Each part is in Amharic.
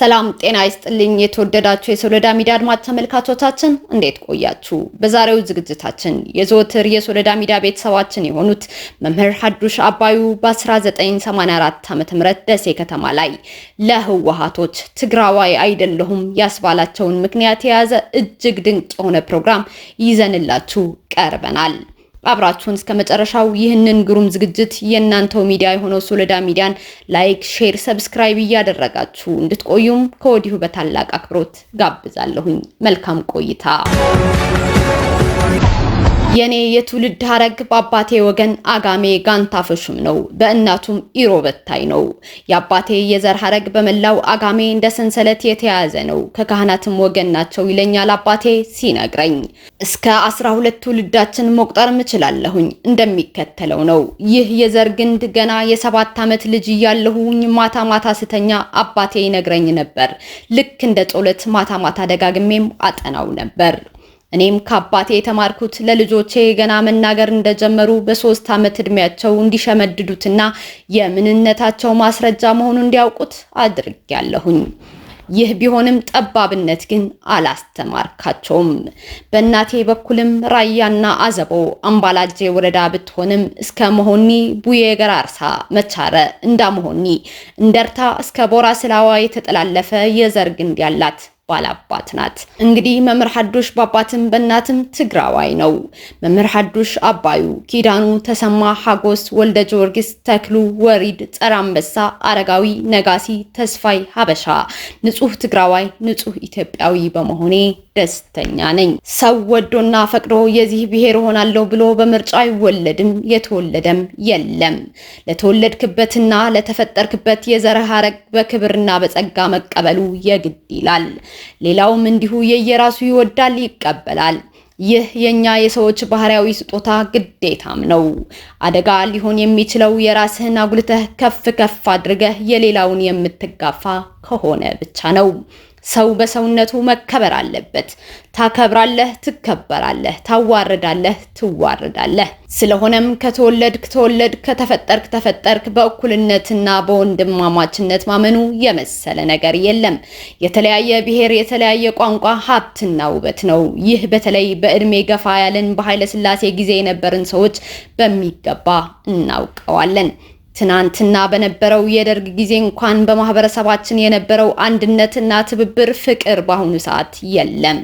ሰላም ጤና ይስጥልኝ። የተወደዳችሁ የሶሎዳ ሚዲያ አድማጭ ተመልካቾቻችን እንዴት ቆያችሁ? በዛሬው ዝግጅታችን የዘወትር የሶሎዳ ሚዲያ ቤተሰባችን የሆኑት መምህር ሀዱሽ አባዩ በ1984 ዓ.ም ደሴ ከተማ ላይ ለህወሀቶች ትግራዋይ አይደለሁም ያስባላቸውን ምክንያት የያዘ እጅግ ድንቅ የሆነ ፕሮግራም ይዘንላችሁ ቀርበናል። አብራችሁን እስከ መጨረሻው ይህንን ግሩም ዝግጅት የእናንተው ሚዲያ የሆነው ሶለዳ ሚዲያን ላይክ፣ ሼር፣ ሰብስክራይብ እያደረጋችሁ እንድትቆዩም ከወዲሁ በታላቅ አክብሮት ጋብዛለሁኝ። መልካም ቆይታ የኔ የትውልድ ሀረግ በአባቴ ወገን አጋሜ ጋንታ ፈሹም ነው፣ በእናቱም ኢሮበታይ ነው። የአባቴ የዘር ሀረግ በመላው አጋሜ እንደ ሰንሰለት የተያያዘ ነው፣ ከካህናትም ወገን ናቸው ይለኛል አባቴ ሲነግረኝ። እስከ አስራ ሁለት ትውልዳችን መቁጠር ምችላለሁኝ እንደሚከተለው ነው። ይህ የዘር ግንድ ገና የሰባት ዓመት ልጅ እያለሁኝ ማታ ማታ ስተኛ አባቴ ይነግረኝ ነበር። ልክ እንደ ጦለት ማታ ማታ ደጋግሜም አጠናው ነበር። እኔም ከአባቴ የተማርኩት ለልጆቼ ገና መናገር እንደጀመሩ በሶስት ዓመት ዕድሜያቸው እንዲሸመድዱትና የምንነታቸው ማስረጃ መሆኑ እንዲያውቁት አድርጌያለሁኝ። ይህ ቢሆንም ጠባብነት ግን አላስተማርካቸውም። በእናቴ በኩልም ራያና አዘቦ አምባላጄ ወረዳ ብትሆንም እስከ መሆኒ ቡዬ ገራርሳ መቻረ እንዳመሆኒ እንደርታ እስከ ቦራ ስላዋ የተጠላለፈ የዘር ግንድ ያላት ባላባት ናት። እንግዲህ መምህር ሐዱሽ በአባትም በእናትም ትግራዋይ ነው። መምህር ሐዱሽ አባዩ፣ ኪዳኑ ተሰማ፣ ሐጎስ ወልደ ጊዮርጊስ፣ ተክሉ ወሪድ፣ ጸረ አንበሳ፣ አረጋዊ ነጋሲ፣ ተስፋይ ሀበሻ። ንጹህ ትግራዋይ፣ ንጹህ ኢትዮጵያዊ በመሆኔ ደስተኛ ነኝ። ሰው ወዶና ፈቅዶ የዚህ ብሔር ሆናለሁ ብሎ በምርጫ አይወለድም፣ የተወለደም የለም። ለተወለድክበትና ለተፈጠርክበት የዘር በክብርና በጸጋ መቀበሉ የግድ ይላል። ሌላውም እንዲሁ የየራሱ ይወዳል፣ ይቀበላል። ይህ የኛ የሰዎች ባህሪያዊ ስጦታ ግዴታም ነው። አደጋ ሊሆን የሚችለው የራስህን አጉልተህ ከፍ ከፍ አድርገህ የሌላውን የምትጋፋ ከሆነ ብቻ ነው። ሰው በሰውነቱ መከበር አለበት። ታከብራለህ፣ ትከበራለህ፣ ታዋርዳለህ፣ ትዋርዳለህ። ስለሆነም ከተወለድክ ተወለድክ፣ ከተፈጠርክ ተፈጠርክ፣ በእኩልነትና በወንድማማችነት ማመኑ የመሰለ ነገር የለም። የተለያየ ብሔር፣ የተለያየ ቋንቋ ሀብትና ውበት ነው። ይህ በተለይ በእድሜ ገፋ ያለን በኃይለስላሴ ጊዜ የነበርን ሰዎች በሚገባ እናውቀዋለን። ትናንትና በነበረው የደርግ ጊዜ እንኳን በማህበረሰባችን የነበረው አንድነትና ትብብር፣ ፍቅር በአሁኑ ሰዓት የለም።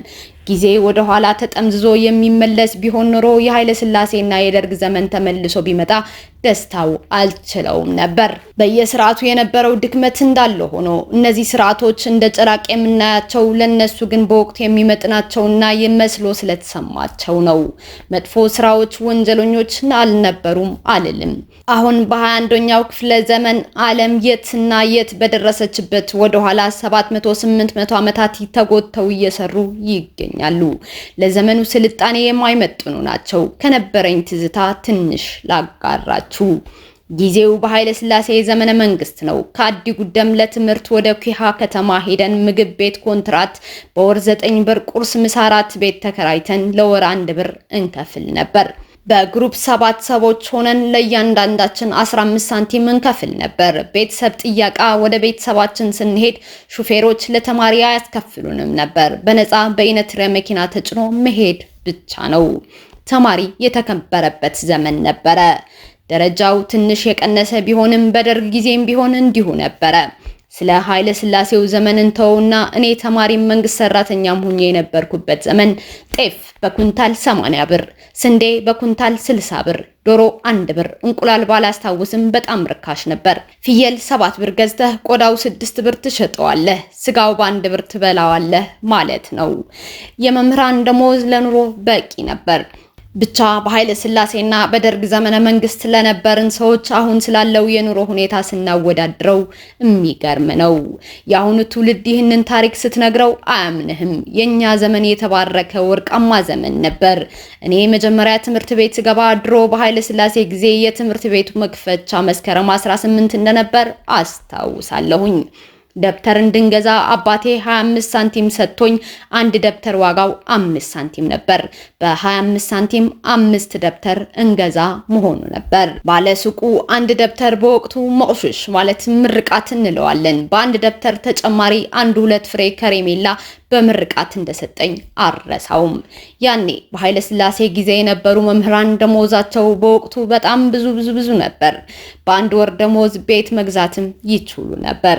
ጊዜ ወደ ኋላ ተጠምዝዞ የሚመለስ ቢሆን ኖሮ የኃይለ ስላሴና የደርግ ዘመን ተመልሶ ቢመጣ ደስታው አልችለውም ነበር። በየስርዓቱ የነበረው ድክመት እንዳለ ሆኖ እነዚህ ስርዓቶች እንደ ጭራቅ የምናያቸው ለነሱ ግን በወቅቱ የሚመጥናቸውና የመስሎ ስለተሰማቸው ነው። መጥፎ ስራዎች ወንጀለኞች አልነበሩም አልልም። አሁን በ21ኛው ክፍለ ዘመን ዓለም የትና የት በደረሰችበት ወደኋላ 7800 ዓመታት ተጎተው እየሰሩ ይገኛሉ። ለዘመኑ ስልጣኔ የማይመጥኑ ናቸው። ከነበረኝ ትዝታ ትንሽ ላጋራቸው። አላችሁ። ጊዜው በኃይለ ስላሴ ዘመነ መንግስት ነው። ከአዲ ጉደም ለትምህርት ወደ ኩሃ ከተማ ሄደን ምግብ ቤት ኮንትራት በወር ዘጠኝ ብር ቁርስ፣ ምሳ፣ ቤት ተከራይተን ለወር አንድ ብር እንከፍል ነበር። በግሩፕ ሰባት ሰዎች ሆነን ለእያንዳንዳችን 15 ሳንቲም እንከፍል ነበር። ቤተሰብ ጥያቃ ወደ ቤተሰባችን ስንሄድ ሹፌሮች ለተማሪ አያስከፍሉንም ነበር። በነፃ በኢነትሪያ መኪና ተጭኖ መሄድ ብቻ ነው። ተማሪ የተከበረበት ዘመን ነበረ። ደረጃው ትንሽ የቀነሰ ቢሆንም በደርግ ጊዜም ቢሆን እንዲሁ ነበረ። ስለ ኃይለ ስላሴው ዘመን እንተውና እኔ ተማሪም መንግስት ሰራተኛም ሁኜ የነበርኩበት ዘመን ጤፍ በኩንታል 80 ብር፣ ስንዴ በኩንታል 60 ብር፣ ዶሮ አንድ ብር፣ እንቁላል ባላስታውስም በጣም ርካሽ ነበር። ፍየል ሰባት ብር ገዝተህ ቆዳው ስድስት ብር ትሸጠዋለህ፣ ስጋው በአንድ ብር ትበላዋለህ ማለት ነው። የመምህራን ደሞዝ ለኑሮ በቂ ነበር። ብቻ በኃይለ ስላሴና በደርግ ዘመነ መንግስት ለነበርን ሰዎች አሁን ስላለው የኑሮ ሁኔታ ስናወዳድረው የሚገርም ነው። የአሁኑ ትውልድ ይህንን ታሪክ ስትነግረው አያምንህም። የእኛ ዘመን የተባረከ ወርቃማ ዘመን ነበር። እኔ መጀመሪያ ትምህርት ቤት ስገባ ድሮ በኃይለ ስላሴ ጊዜ የትምህርት ቤቱ መክፈቻ መስከረም 18 እንደነበር አስታውሳለሁኝ። ደብተር እንድንገዛ አባቴ 25 ሳንቲም ሰጥቶኝ አንድ ደብተር ዋጋው 5 ሳንቲም ነበር። በ25 ሳንቲም አምስት ደብተር እንገዛ መሆኑ ነበር። ባለሱቁ አንድ ደብተር በወቅቱ መቅሹሽ ማለት ምርቃት እንለዋለን። በአንድ ደብተር ተጨማሪ አንድ ሁለት ፍሬ ከረሜላ በምርቃት እንደሰጠኝ አረሳውም። ያኔ በኃይለ ስላሴ ጊዜ የነበሩ መምህራን ደሞዛቸው በወቅቱ በጣም ብዙ ብዙ ብዙ ነበር። በአንድ ወር ደሞዝ ቤት መግዛትም ይችሉ ነበር።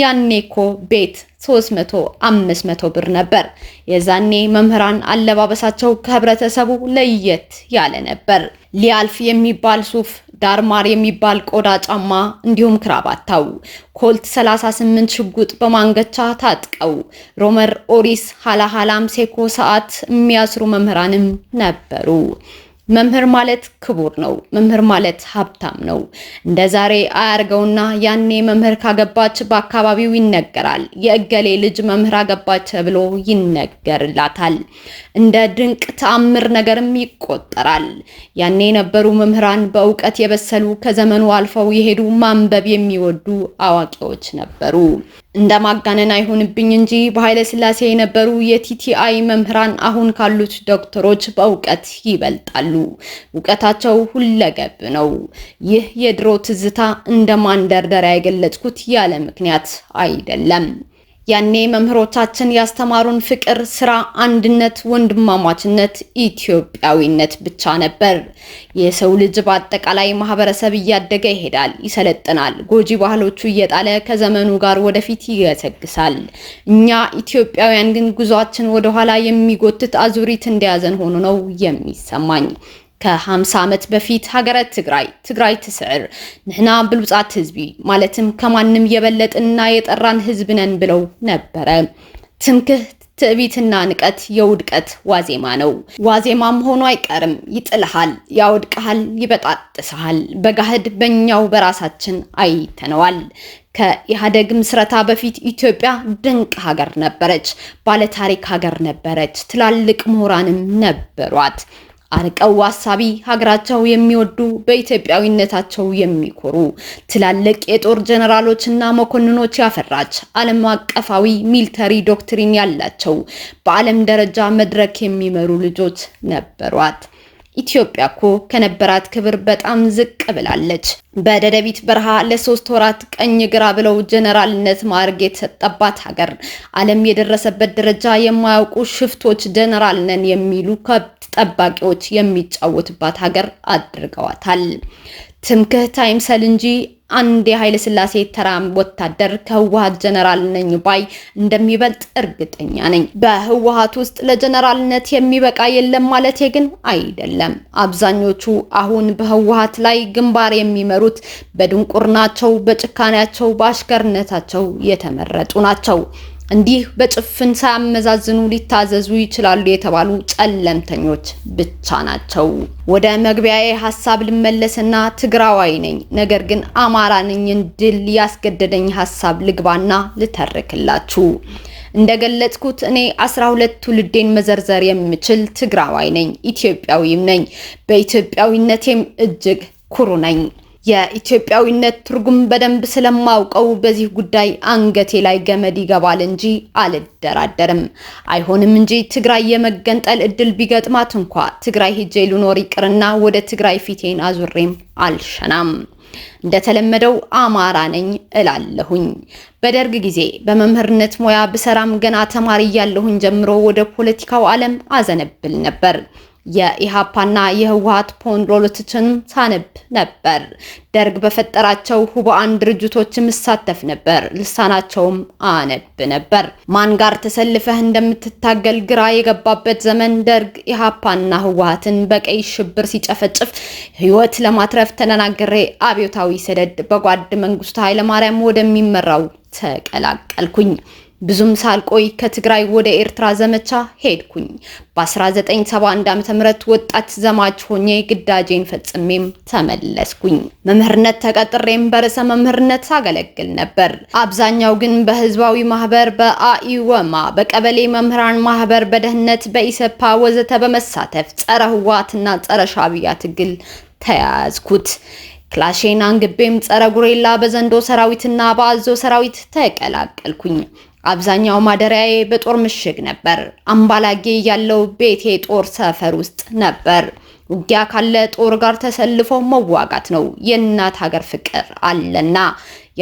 ያኔ እኮ ቤት 300 500 ብር ነበር። የዛኔ መምህራን አለባበሳቸው ከህብረተሰቡ ለየት ያለ ነበር። ሊያልፍ የሚባል ሱፍ፣ ዳርማር የሚባል ቆዳ ጫማ እንዲሁም ክራባታው፣ ኮልት 38 ሽጉጥ በማንገቻ ታጥቀው ሮመር ኦሪስ ሃላሃላም ሴኮ ሰዓት የሚያስሩ መምህራንም ነበሩ። መምህር ማለት ክቡር ነው። መምህር ማለት ሀብታም ነው። እንደ ዛሬ አያርገውና ያኔ መምህር ካገባች በአካባቢው ይነገራል። የእገሌ ልጅ መምህር አገባች ብሎ ይነገርላታል። እንደ ድንቅ ተአምር ነገርም ይቆጠራል። ያኔ የነበሩ መምህራን በእውቀት የበሰሉ ከዘመኑ አልፈው የሄዱ ማንበብ የሚወዱ አዋቂዎች ነበሩ። እንደ ማጋነን አይሆንብኝ እንጂ በኃይለ ሥላሴ የነበሩ የቲቲአይ መምህራን አሁን ካሉት ዶክተሮች በእውቀት ይበልጣሉ። እውቀታቸው ሁለገብ ነው። ይህ የድሮ ትዝታ እንደ ማንደርደሪያ የገለጽኩት ያለ ምክንያት አይደለም። ያኔ መምህሮቻችን ያስተማሩን ፍቅር፣ ስራ፣ አንድነት፣ ወንድማማችነት፣ ኢትዮጵያዊነት ብቻ ነበር። የሰው ልጅ በአጠቃላይ ማህበረሰብ እያደገ ይሄዳል፣ ይሰለጥናል፣ ጎጂ ባህሎቹ እየጣለ ከዘመኑ ጋር ወደፊት ይገሰግሳል። እኛ ኢትዮጵያውያን ግን ጉዟችን ወደኋላ የሚጎትት አዙሪት እንደያዘን ሆኖ ነው የሚሰማኝ። ከ50 ዓመት በፊት ሀገረ ትግራይ ትግራይ ትስዕር ንሕና ብልውፃት ህዝቢ ማለትም ከማንም የበለጥና የጠራን ህዝብ ነን ብለው ነበረ። ትምክህ ትዕቢትና ንቀት የውድቀት ዋዜማ ነው። ዋዜማ ሆኖ አይቀርም። ይጥልሃል፣ ያውድቀሃል፣ ይበጣጥስሃል። በጋህድ በእኛው በራሳችን አይተነዋል። ከኢህአዴግ ምስረታ በፊት ኢትዮጵያ ድንቅ ሀገር ነበረች፣ ባለታሪክ ሀገር ነበረች፣ ትላልቅ ምሁራንም ነበሯት። አርቀው አሳቢ ሀገራቸው የሚወዱ በኢትዮጵያዊነታቸው የሚኮሩ ትላልቅ የጦር ጀነራሎችና መኮንኖች ያፈራች ዓለም አቀፋዊ ሚሊተሪ ዶክትሪን ያላቸው በዓለም ደረጃ መድረክ የሚመሩ ልጆች ነበሯት። ኢትዮጵያ እኮ ከነበራት ክብር በጣም ዝቅ ብላለች። በደደቢት በረሃ ለሶስት ወራት ቀኝ ግራ ብለው ጀነራልነት ማዕረግ የተሰጠባት ሀገር ዓለም የደረሰበት ደረጃ የማያውቁ ሽፍቶች ጀነራል ነን የሚሉ ከብ ጠባቂዎች የሚጫወቱባት ሀገር አድርገዋታል። ትምክህት አይምሰል እንጂ አንድ የኃይለ ስላሴ ተራ ወታደር ከህወሀት ጀነራል ነኝ ባይ እንደሚበልጥ እርግጠኛ ነኝ። በህወሀት ውስጥ ለጀነራልነት የሚበቃ የለም ማለት ግን አይደለም። አብዛኞቹ አሁን በህወሀት ላይ ግንባር የሚመሩት በድንቁርናቸው፣ በጭካኔያቸው፣ በአሽከርነታቸው የተመረጡ ናቸው። እንዲህ በጭፍን ሳያመዛዝኑ ሊታዘዙ ይችላሉ የተባሉ ጨለምተኞች ብቻ ናቸው። ወደ መግቢያዬ ሀሳብ ልመለስና ትግራዋይ ነኝ ነገር ግን አማራ ነኝ እንድል ያስገደደኝ ሀሳብ ልግባና ልተርክላችሁ። እንደገለጽኩት እኔ አስራ ሁለት ትውልዴን መዘርዘር የምችል ትግራዋይ ነኝ፣ ኢትዮጵያዊም ነኝ። በኢትዮጵያዊነቴም እጅግ ኩሩ ነኝ። የኢትዮጵያዊነት ትርጉም በደንብ ስለማውቀው በዚህ ጉዳይ አንገቴ ላይ ገመድ ይገባል እንጂ አልደራደርም። አይሆንም እንጂ ትግራይ የመገንጠል እድል ቢገጥማት እንኳ ትግራይ ሄጄ ልኖር ይቅርና ወደ ትግራይ ፊቴን አዙሬም አልሸናም። እንደተለመደው አማራ ነኝ እላለሁኝ። በደርግ ጊዜ በመምህርነት ሙያ ብሰራም ገና ተማሪ እያለሁኝ ጀምሮ ወደ ፖለቲካው ዓለም አዘነብል ነበር። የኢሃፓና የህወሀት ፖንዶሎቲችን ሳንብ ነበር። ደርግ በፈጠራቸው ሁበአን ድርጅቶች ምሳተፍ ነበር። ልሳናቸውም አነብ ነበር። ማን ጋር ተሰልፈህ እንደምትታገል ግራ የገባበት ዘመን ደርግ ኢሃፓና ህወሀትን በቀይ ሽብር ሲጨፈጭፍ ህይወት ለማትረፍ ተነናግሬ አብዮታዊ ሰደድ በጓድ መንግስቱ ኃይለማርያም ወደሚመራው ተቀላቀልኩኝ። ብዙም ሳልቆይ ከትግራይ ወደ ኤርትራ ዘመቻ ሄድኩኝ። በ1971 ዓ.ም ወጣት ዘማች ሆኜ ግዳጄን ፈጽሜም ተመለስኩኝ። መምህርነት ተቀጥሬም በርዕሰ መምህርነት ሳገለግል ነበር። አብዛኛው ግን በህዝባዊ ማህበር፣ በአኢወማ፣ በቀበሌ መምህራን ማህበር፣ በደህንነት፣ በኢሰፓ ወዘተ በመሳተፍ ጸረ ህወሓትና ጸረ ሻዕቢያ ትግል ተያያዝኩት። ክላሼን አንግቤም ጸረ ጉሬላ በዘንዶ ሰራዊትና በአዞ ሰራዊት ተቀላቀልኩኝ። አብዛኛው ማደሪያዬ በጦር ምሽግ ነበር። አምባላጌ ያለው ቤቴ ጦር ሰፈር ውስጥ ነበር። ውጊያ ካለ ጦር ጋር ተሰልፎ መዋጋት ነው። የእናት ሀገር ፍቅር አለና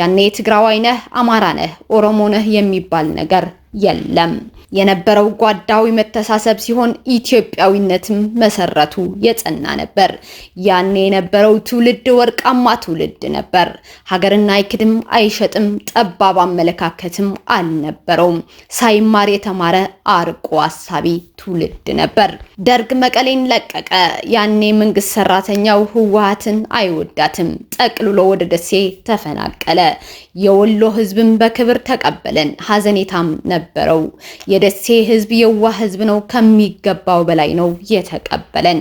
ያኔ ትግራዋይ ነህ፣ አማራ ነህ፣ ኦሮሞ ነህ የሚባል ነገር የለም። የነበረው ጓዳዊ መተሳሰብ ሲሆን ኢትዮጵያዊነትም መሰረቱ የጸና ነበር። ያኔ የነበረው ትውልድ ወርቃማ ትውልድ ነበር። ሀገርን አይክድም፣ አይሸጥም፣ ጠባብ አመለካከትም አልነበረውም። ሳይማር የተማረ አርቆ አሳቢ ትውልድ ነበር። ደርግ መቀሌን ለቀቀ። ያኔ መንግስት ሰራተኛው ህወሀትን አይወዳትም። ጠቅልሎ ወደ ደሴ ተፈናቀለ። የወሎ ህዝብም በክብር ተቀበለን። ሀዘኔታም ነበረው። የደሴ ህዝብ የዋህ ህዝብ ነው፣ ከሚገባው በላይ ነው የተቀበለን።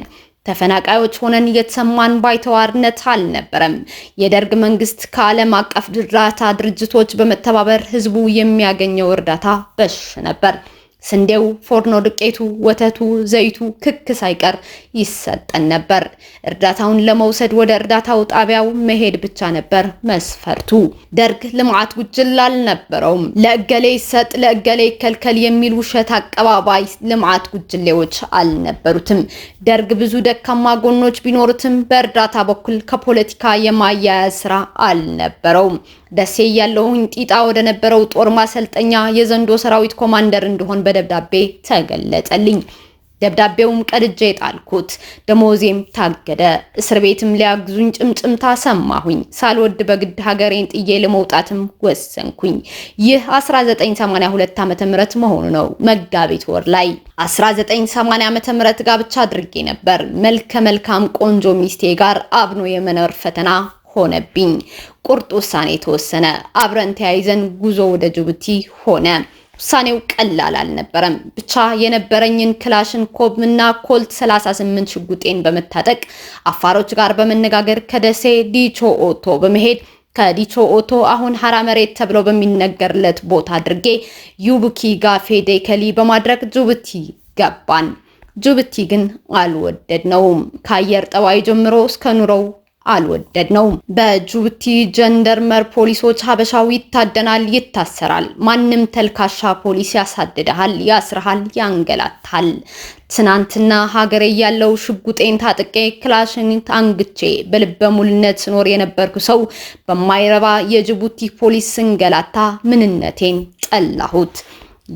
ተፈናቃዮች ሆነን የተሰማን ባይተዋርነት አልነበረም። የደርግ መንግስት ከዓለም አቀፍ እርዳታ ድርጅቶች በመተባበር ህዝቡ የሚያገኘው እርዳታ በሽ ነበር። ስንዴው፣ ፎርኖ ዱቄቱ፣ ወተቱ፣ ዘይቱ፣ ክክ ሳይቀር ይሰጠን ነበር። እርዳታውን ለመውሰድ ወደ እርዳታው ጣቢያው መሄድ ብቻ ነበር መስፈርቱ። ደርግ ልምዓት ጉጅል አልነበረውም። ለእገሌ ይሰጥ ለእገሌ ይከልከል የሚል ውሸት አቀባባይ ልምዓት ጉጅሌዎች አልነበሩትም። ደርግ ብዙ ደካማ ጎኖች ቢኖሩትም በእርዳታ በኩል ከፖለቲካ የማያያዝ ስራ አልነበረውም። ደሴ ያለውን ጢጣ ወደ ነበረው ጦር ማሰልጠኛ የዘንዶ ሰራዊት ኮማንደር እንደሆን በደብዳቤ ተገለጠልኝ። ደብዳቤውም ቀድጄ የጣልኩት፣ ደሞዜም ታገደ። እስር ቤትም ሊያግዙኝ ጭምጭምታ ሰማሁኝ። ሳልወድ በግድ ሀገሬን ጥዬ ለመውጣትም ወሰንኩኝ። ይህ 1982 ዓ ም መሆኑ ነው። መጋቢት ወር ላይ 1980 ዓ ም ጋብቻ አድርጌ ነበር። መልከ መልካም ቆንጆ ሚስቴ ጋር አብኖ የመኖር ፈተና ሆነብኝ። ቁርጥ ውሳኔ ተወሰነ። አብረን ተያይዘን ጉዞ ወደ ጅቡቲ ሆነ። ውሳኔው ቀላል አልነበረም። ብቻ የነበረኝን ክላሽን ኮብ እና ኮልት 38 ሽጉጤን በመታጠቅ አፋሮች ጋር በመነጋገር ከደሴ ዲቾ ኦቶ በመሄድ ከዲቾ ኦቶ አሁን ሀራ መሬት ተብሎ በሚነገርለት ቦታ አድርጌ ዩቡኪ ጋፌ ከሊ በማድረግ ጅቡቲ ገባን። ጅቡቲ ግን አልወደድ ነውም። ከአየር ጠባይ ጀምሮ እስከ ኑሮው አልወደድነውም። በጅቡቲ ጀንደርመር ፖሊሶች ሀበሻው ይታደናል፣ ይታሰራል። ማንም ተልካሻ ፖሊስ ያሳድድሃል፣ ያስርሃል፣ ያንገላታል። ትናንትና ሀገሬ ያለው ሽጉጤን ታጥቄ ክላሽን አንግቼ በልበ ሙልነት ስኖር የነበርኩ ሰው በማይረባ የጅቡቲ ፖሊስ ስንገላታ ምንነቴን ጠላሁት።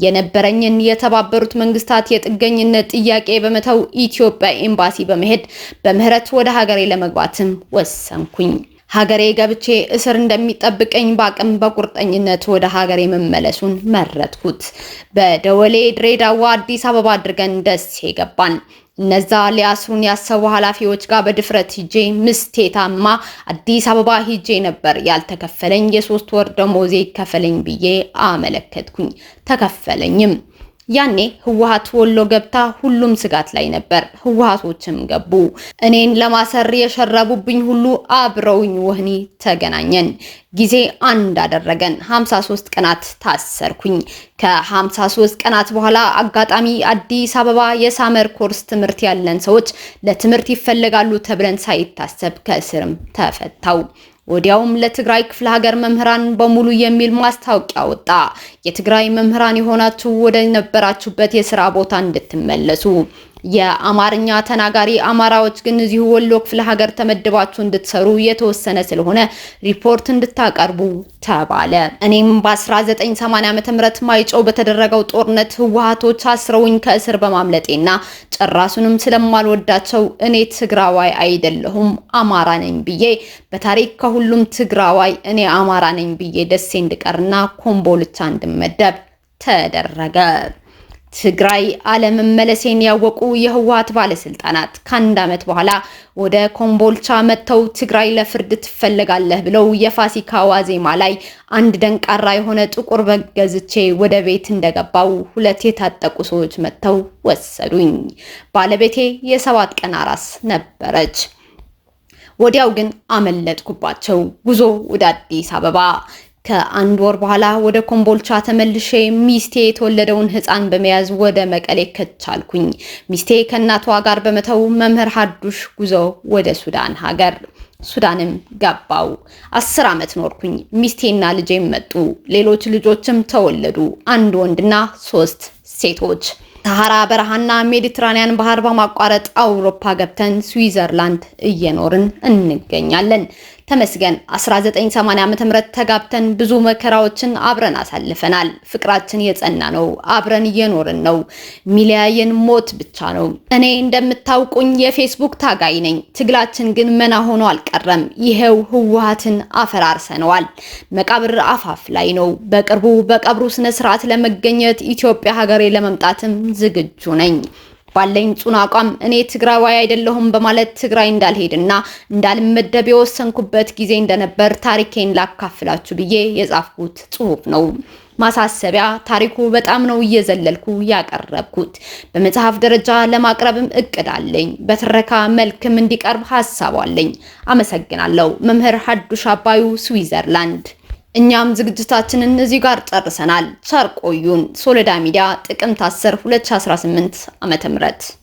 የነበረኝን የተባበሩት መንግስታት የጥገኝነት ጥያቄ በመተው ኢትዮጵያ ኤምባሲ በመሄድ በምህረት ወደ ሀገሬ ለመግባትም ወሰንኩኝ። ሀገሬ ገብቼ እስር እንደሚጠብቀኝ በአቅም በቁርጠኝነት ወደ ሀገሬ መመለሱን መረጥኩት። በደወሌ ድሬዳዋ፣ አዲስ አበባ አድርገን ደሴ ገባን። እነዛ ሊያስሩን ያሰቡ ኃላፊዎች ጋር በድፍረት ሂጄ ምስቴ ታማ አዲስ አበባ ሂጄ ነበር። ያልተከፈለኝ የሶስት ወር ደሞዜ ይከፈለኝ ብዬ አመለከትኩኝ። ተከፈለኝም። ያኔ ህወሀት ወሎ ገብታ ሁሉም ስጋት ላይ ነበር። ህወሀቶችም ገቡ። እኔን ለማሰር የሸረቡብኝ ሁሉ አብረውኝ ወህኒ ተገናኘን። ጊዜ አንድ አደረገን። 53 ቀናት ታሰርኩኝ። ከ53 ቀናት በኋላ አጋጣሚ አዲስ አበባ የሳመር ኮርስ ትምህርት ያለን ሰዎች ለትምህርት ይፈለጋሉ ተብለን ሳይታሰብ ከእስርም ተፈታው። ወዲያውም ለትግራይ ክፍለ ሀገር መምህራን በሙሉ የሚል ማስታወቂያ ወጣ። የትግራይ መምህራን የሆናችሁ ወደ ነበራችሁበት የስራ ቦታ እንድትመለሱ የአማርኛ ተናጋሪ አማራዎች ግን እዚሁ ወሎ ክፍለ ሀገር ተመድባችሁ እንድትሰሩ የተወሰነ ስለሆነ ሪፖርት እንድታቀርቡ ተባለ። እኔም በ1980 ዓ ም ማይጨው በተደረገው ጦርነት ህወሀቶች አስረውኝ ከእስር በማምለጤና ጨራሱንም ስለማልወዳቸው እኔ ትግራዋይ አይደለሁም አማራ ነኝ ብዬ በታሪክ ከሁሉም ትግራዋይ እኔ አማራ ነኝ ብዬ ደሴ እንድቀርና ኮምቦልቻ እንድመደብ ተደረገ። ትግራይ አለመመለሴን ያወቁ የህወሀት ባለስልጣናት ከአንድ ዓመት በኋላ ወደ ኮምቦልቻ መጥተው ትግራይ ለፍርድ ትፈለጋለህ ብለው የፋሲካ ዋዜማ ላይ አንድ ደንቃራ የሆነ ጥቁር በግ ገዝቼ ወደ ቤት እንደገባው ሁለት የታጠቁ ሰዎች መጥተው ወሰዱኝ። ባለቤቴ የሰባት ቀን አራስ ነበረች። ወዲያው ግን አመለጥኩባቸው። ጉዞ ወደ አዲስ አበባ ከአንድ ወር በኋላ ወደ ኮምቦልቻ ተመልሼ ሚስቴ የተወለደውን ህፃን በመያዝ ወደ መቀሌ ከቻልኩኝ ሚስቴ ከእናቷ ጋር በመተው መምህር ሀዱሽ ጉዞ ወደ ሱዳን ሀገር ሱዳንም ገባው። አስር ዓመት ኖርኩኝ። ሚስቴና ልጄም መጡ። ሌሎች ልጆችም ተወለዱ። አንድ ወንድና ሶስት ሴቶች። ሰሐራ በረሃና ሜዲትራኒያን ባህር በማቋረጥ አውሮፓ ገብተን ስዊዘርላንድ እየኖርን እንገኛለን። ተመስገን 1980 ዓ.ም ተጋብተን ብዙ መከራዎችን አብረን አሳልፈናል። ፍቅራችን የጸና ነው። አብረን እየኖርን ነው። ሚለያየን ሞት ብቻ ነው። እኔ እንደምታውቁኝ የፌስቡክ ታጋይ ነኝ። ትግላችን ግን መና ሆኖ አልቀረም። ይሄው ህወሓትን አፈራርሰነዋል። መቃብር አፋፍ ላይ ነው። በቅርቡ በቀብሩ ስነ ስርዓት ለመገኘት ኢትዮጵያ ሀገሬ ለመምጣትም ዝግጁ ነኝ። ባለኝ ጽኑ አቋም እኔ ትግራዋይ አይደለሁም በማለት ትግራይ እንዳልሄድና እንዳልመደብ የወሰንኩበት ጊዜ እንደነበር ታሪኬን ላካፍላችሁ ብዬ የጻፍኩት ጽሁፍ ነው። ማሳሰቢያ ታሪኩ በጣም ነው እየዘለልኩ ያቀረብኩት። በመጽሐፍ ደረጃ ለማቅረብም እቅድ አለኝ። በትረካ መልክም እንዲቀርብ ሀሳብ አለኝ። አመሰግናለሁ። መምህር ሀዱሽ አባዩ ስዊዘርላንድ እኛም ዝግጅታችንን እነዚህ ጋር ጨርሰናል። ቸር ቆዩን። ሶሎዳ ሚዲያ ጥቅምት 10 2018 ም